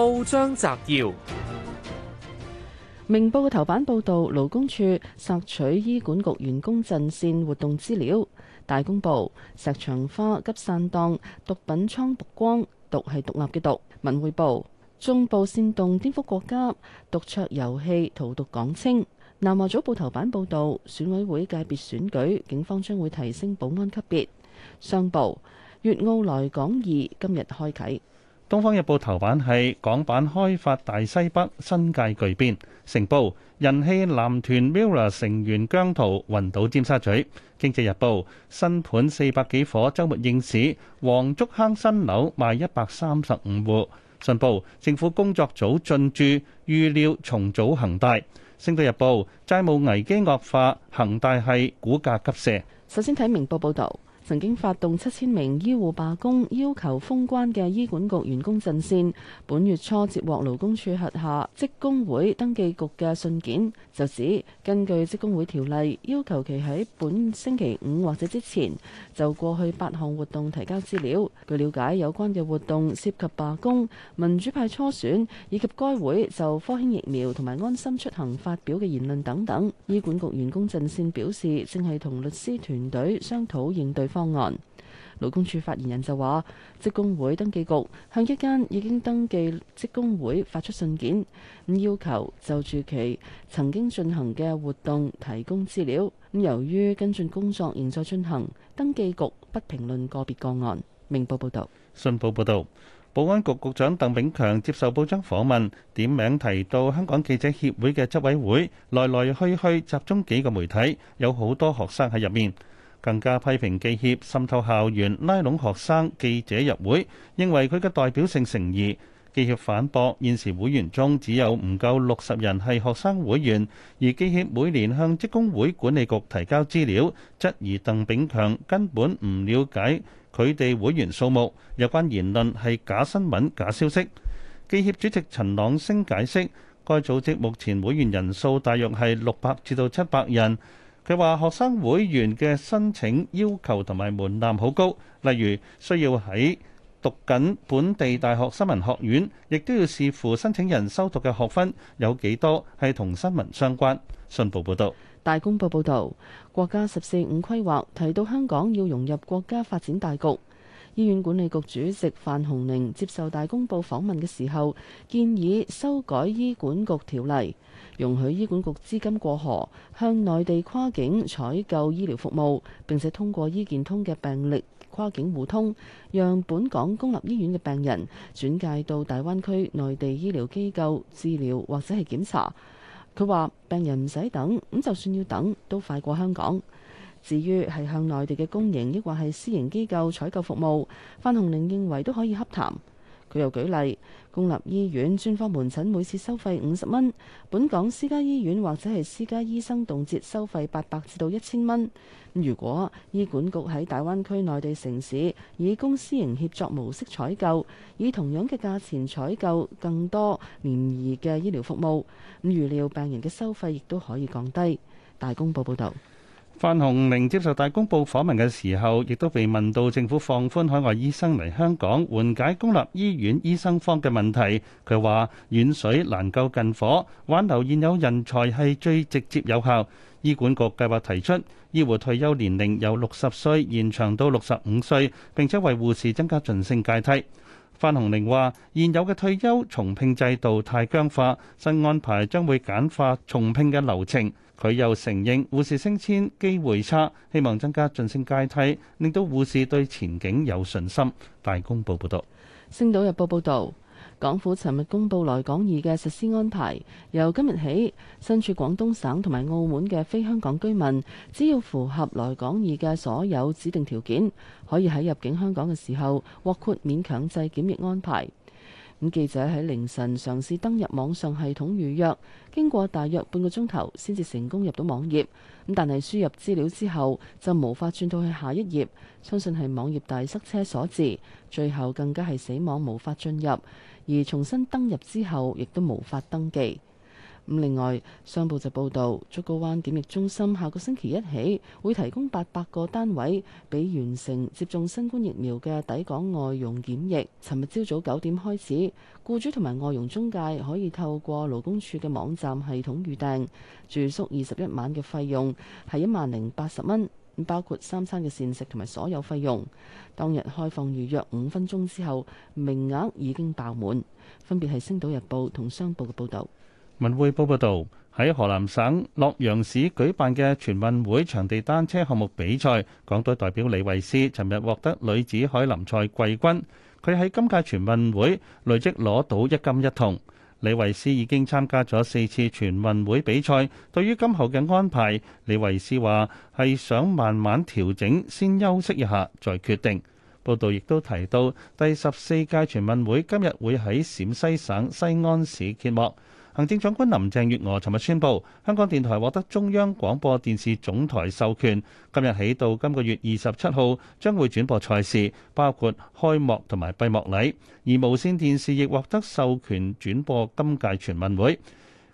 報章摘要：明報嘅頭版報道勞工處索取醫管局員工陣線活動資料；大公報石牆花急散檔，毒品倉曝光，毒係獨立嘅毒；文匯報中部煽動顛覆國家，獨卓遊戲荼毒港青；南華早報頭版報道選委會界別選舉，警方將會提升保安級別；商報粵澳來港易今日開啟。《東方日報》頭版係港版開發大西北新界巨變，成報；人氣男團 Mirror 成員姜濤暈倒尖沙咀，經濟日報新盤四百幾伙週末應市，黃竹坑新樓賣一百三十五戶，信報政府工作組進駐預料重組恒大，星島日報債務危機惡化，恒大系股價急瀉。首先睇明報報導。曾經發動七千名醫護罷工，要求封關嘅醫管局員工陣線，本月初接獲勞工處轄下職工會登記局嘅信件，就指根據職工會條例，要求其喺本星期五或者之前就過去八項活動提交資料。據了解，有關嘅活動涉及罷工、民主派初選以及該會就科興疫苗同埋安心出行發表嘅言論等等。醫管局員工陣線表示，正係同律師團隊商討應對方方案。勞工處發言人就話，職工會登記局向一間已經登記職工會發出信件，咁要求就住其曾經進行嘅活動提供資料。咁由於跟進工作仍在進行，登記局不評論個別個案。明報報道，信報報道，保安局局長鄧炳強接受報章訪問，點名提到香港記者協會嘅執委會來來去去集中幾個媒體，有好多學生喺入面。更加批評記協滲透校園、拉攏學生、記者入會，認為佢嘅代表性成疑。記協反駁，現時會員中只有唔夠六十人係學生會員，而記協每年向職工會管理局提交資料，質疑鄧炳強根本唔瞭解佢哋會員數目，有關言論係假新聞、假消息。記協主席陳朗升解釋，該組織目前會員人數大約係六百至到七百人。佢話學生會員嘅申請要求同埋門檻好高，例如需要喺讀緊本地大學新聞學院，亦都要視乎申請人修讀嘅學分有幾多，係同新聞相關。信報報道，大公報報道，國家十四五規劃提到香港要融入國家發展大局。醫院管理局主席范鴻齡接受大公報訪問嘅時候，建議修改醫管局條例，容許醫管局資金過河，向內地跨境採購醫療服務，並且通過醫健通嘅病歷跨境互通，讓本港公立醫院嘅病人轉介到大灣區內地醫療機構治療或者係檢查。佢話病人唔使等，咁就算要等，都快過香港。至於係向內地嘅公營，抑或係私營機構採購服務，范鴻齡認為都可以洽談。佢又舉例，公立醫院專科門診每次收費五十蚊，本港私家醫院或者係私家醫生動輒收費八百至到一千蚊。如果醫管局喺大灣區內地城市以公私營協作模式採購，以同樣嘅價錢採購更多廉宜嘅醫療服務，咁預料病人嘅收費亦都可以降低。大公報報道。范洪玲接受大公報訪問嘅時候，亦都被問到政府放寬海外醫生嚟香港，緩解公立醫院醫生荒嘅問題。佢話：遠水難救近火，挽留現有人才係最直接有效。醫管局計劃提出，醫護退休年齡由六十歲延長到六十五歲，並且為護士增加晉升階梯。范洪玲話：現有嘅退休重聘制度太僵化，新安排將會簡化重聘嘅流程。佢又承認護士升遷機會差，希望增加晉升階梯，令到護士對前景有信心。大公報報道，《星島日報》報道，港府尋日公布來港易嘅實施安排，由今日起，身處廣東省同埋澳門嘅非香港居民，只要符合來港易嘅所有指定條件，可以喺入境香港嘅時候獲豁免強制檢疫安排。咁記者喺凌晨嘗試登入網上系統預約，經過大約半個鐘頭先至成功入到網頁，咁但係輸入資料之後就無法轉到去下一頁，相信係網頁大塞車所致，最後更加係死亡無法進入，而重新登入之後亦都無法登記。咁另外，商報就報道，竹篙灣檢疫中心下個星期一起會提供八百個單位，俾完成接種新冠疫苗嘅抵港外傭檢疫。尋日朝早九點開始，僱主同埋外傭中介可以透過勞工處嘅網站系統預訂住宿。二十一晚嘅費用係一萬零八十蚊，包括三餐嘅膳食同埋所有費用。當日開放預約五分鐘之後，名額已經爆滿。分別係《星島日報》同《商報》嘅報道。文匯報報道，喺河南省洛陽市舉辦嘅全運會場地單車項目比賽，港隊代表李慧詩尋日獲得女子凱林賽季軍。佢喺今屆全運會累積攞到一金一銅。李慧詩已經參加咗四次全運會比賽，對於今後嘅安排，李慧詩話係想慢慢調整，先休息一下再決定。報道亦都提到，第十四屆全運會今日會喺陝西省西安市揭幕。行政長官林鄭月娥尋日宣布，香港電台獲得中央廣播電視總台授權，今日起到今個月二十七號將會轉播賽事，包括開幕同埋閉幕禮。而無線電視亦獲得授權轉播今屆全運會，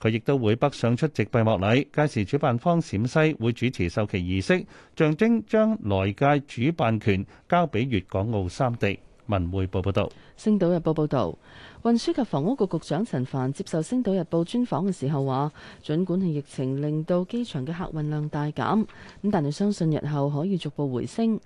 佢亦都會北上出席閉幕禮。屆時主辦方陝西會主持授旗儀式，象徵將來屆主辦權交俾粵港澳三地。文匯報報道，《星島日報》報道，運輸及房屋局局長陳帆接受《星島日報》專訪嘅時候話，儘管係疫情令到機場嘅客運量大減，咁但係相信日後可以逐步回升。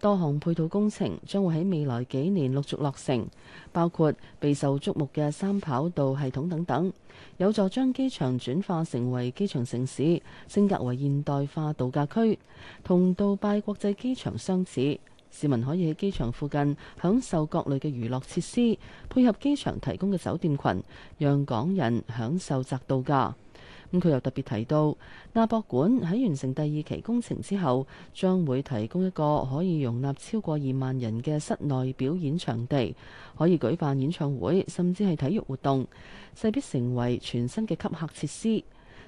多項配套工程將會喺未來幾年陸續落成，包括備受矚目嘅三跑道系統等等，有助將機場轉化成為機場城市，升格為現代化度假區，同杜拜國際機場相似。市民可以喺機場附近享受各類嘅娛樂設施，配合機場提供嘅酒店群，讓港人享受宅度假。咁佢又特別提到，亞博館喺完成第二期工程之後，將會提供一個可以容納超過二萬人嘅室內表演場地，可以舉辦演唱會，甚至係體育活動，勢必成為全新嘅吸客設施。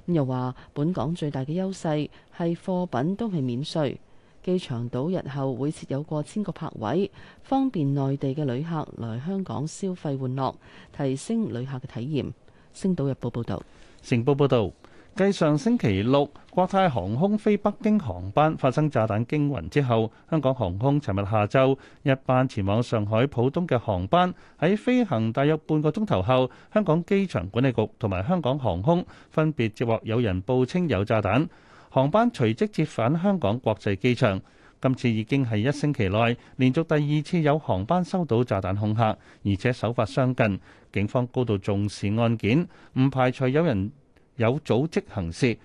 咁又話，本港最大嘅優勢係貨品都係免稅。機場島日後會設有過千個泊位，方便內地嘅旅客來香港消費玩樂，提升旅客嘅體驗。星島日報報道：「成報報道，繼上星期六國泰航空飛北京航班發生炸彈驚魂之後，香港航空尋日下晝一班前往上海浦東嘅航班喺飛行大約半個鐘頭後，香港機場管理局同埋香港航空分別接獲有人報稱有炸彈。航班隨即折返香港國際機場。今次已經係一星期內連續第二次有航班收到炸彈恐嚇，而且手法相近。警方高度重視案件，唔排除有人有組織行事。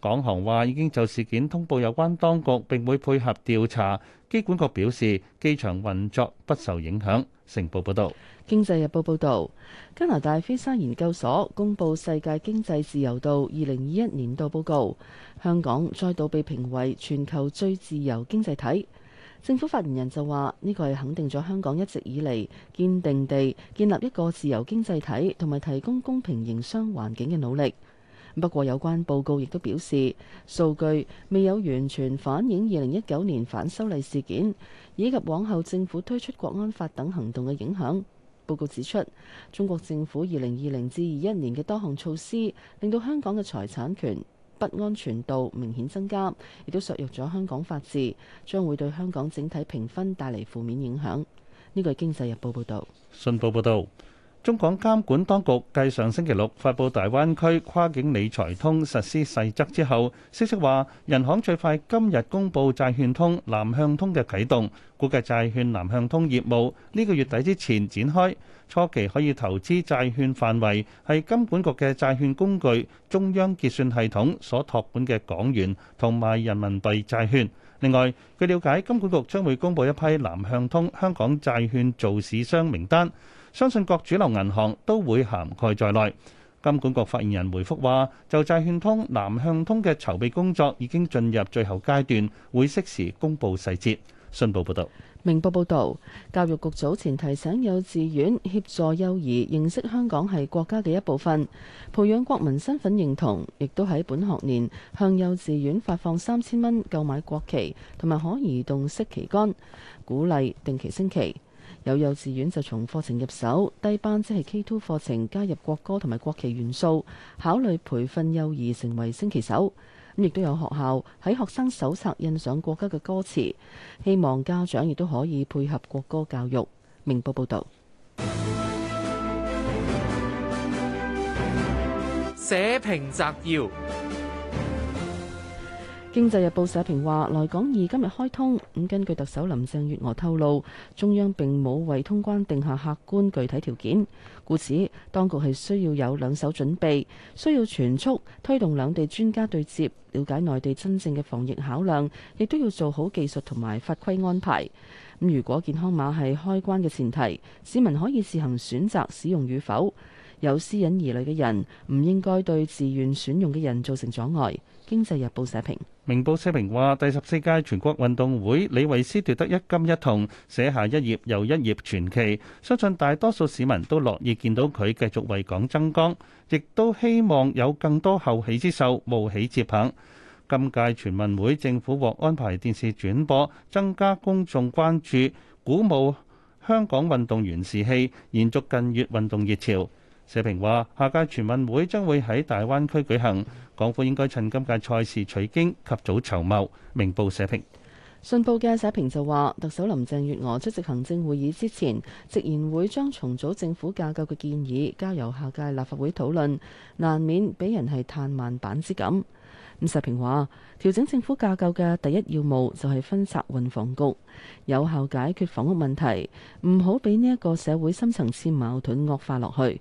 港航話已經就事件通報有關當局，並會配合調查。機管局表示，機場運作不受影響。成報報導，《經濟日報》報導，加拿大菲沙研究所公布《世界經濟自由度2021年度報告》，香港再度被評為全球最自由經濟體。政府發言人就話：呢個係肯定咗香港一直以嚟堅定地建立一個自由經濟體，同埋提供公平營商環境嘅努力。不過，有關報告亦都表示，數據未有完全反映二零一九年反修例事件以及往後政府推出《國安法》等行動嘅影響。報告指出，中國政府二零二零至二一年嘅多項措施，令到香港嘅財產權不安全度明顯增加，亦都削弱咗香港法治，將會對香港整體評分帶嚟負面影響。呢個係《經濟日報》報導，《信報》報導。中港監管當局繼上星期六發佈大灣區跨境理財通實施細則之後，消息話人行最快今日公布債券通南向通嘅啟動，估計債券南向通業務呢個月底之前展開，初期可以投資債券範圍係金管局嘅債券工具中央結算系統所託管嘅港元同埋人民幣債券。另外，據了解，金管局將會公布一批南向通香港債券做市商名單。相信各主流銀行都會涵蓋在內。金管局發言人回覆話：就債券通南向通嘅籌備工作已經進入最後階段，會適時公佈細節。信報報導，明報報導，教育局早前提醒幼稚園協助幼兒認識香港係國家嘅一部分，培養國民身份認同，亦都喺本學年向幼稚園發放三千蚊購買國旗同埋可移動式旗杆，鼓勵定期升旗。有幼稚園就從課程入手，低班即係 K2 課程加入國歌同埋國旗元素，考慮培訓幼兒成為升旗手。咁亦都有學校喺學生手冊印上國家嘅歌詞，希望家長亦都可以配合國歌教育。明報報道。社評摘要。經濟日報社評話：來港易今日開通，咁根據特首林鄭月娥透露，中央並冇為通關定下客觀具體條件，故此當局係需要有兩手準備，需要全速推動兩地專家對接，了解內地真正嘅防疫考量，亦都要做好技術同埋法規安排。咁如果健康碼係開關嘅前提，市民可以自行選擇使用與否。有私隱疑慮嘅人，唔應該對自願選用嘅人造成阻礙。經濟日報社評。明報社評話：第十四屆全國運動會，李慧詩奪得一金一銅，寫下一頁又一頁傳奇。相信大多數市民都樂意見到佢繼續為港增光，亦都希望有更多後起之秀冒起接棒。今屆全運會政府獲安排電視轉播，增加公眾關注，鼓舞香港運動員士氣，延續近月運動熱潮。社評話：下屆全運會將會喺大灣區舉行，港府應該趁今屆賽事，取經及早籌謀。明報社評、信報嘅社評就話，特首林鄭月娥出席行政會議之前，直言會將重組政府架構嘅建議交由下屆立法會討論，難免俾人係嘆慢板之感。咁社評話，調整政府架構嘅第一要務就係分拆運房局，有效解決房屋問題，唔好俾呢一個社會深層次矛盾惡化落去。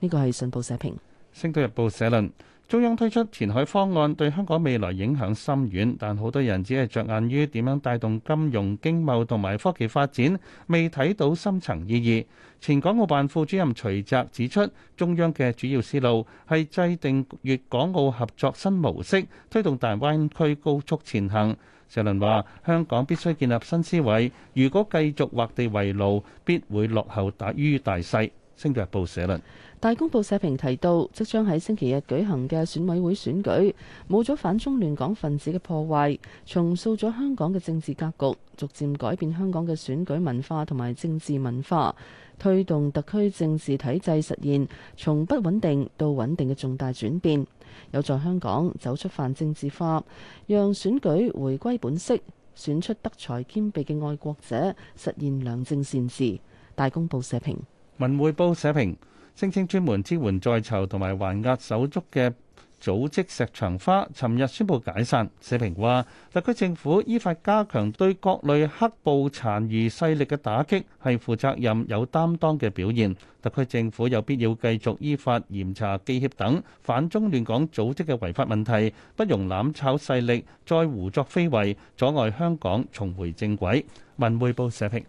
呢個係信報社評，《星島日報》社論：中央推出前海方案對香港未來影響深遠，但好多人只係着眼於點樣帶動金融、經貿同埋科技發展，未睇到深層意義。前港澳辦副主任徐澤指出，中央嘅主要思路係制定粵港澳合作新模式，推動大灣區高速前行。社論話：香港必須建立新思維，如果繼續畫地為牢，必會落後大於大勢。《星島日報》社論。大公報社評提到，即將喺星期日舉行嘅選委會選舉，冇咗反中亂港分子嘅破壞，重塑咗香港嘅政治格局，逐漸改變香港嘅選舉文化同埋政治文化，推動特區政治體制實現從不穩定到穩定嘅重大轉變，有助香港走出泛政治化，讓選舉回歸本色，選出德才兼備嘅愛國者，實現良政善治。大公報社評，《文匯報》社評。聲稱專門支援在囚同埋還押手足嘅組織石牆花，尋日宣布解散。社評話，特區政府依法加強對各類黑暴殘餘勢力嘅打擊，係負責任有擔當嘅表現。特區政府有必要繼續依法嚴查記協等反中亂港組織嘅違法問題，不容攬炒勢力再胡作非為，阻礙香港重回正軌。文匯報社評。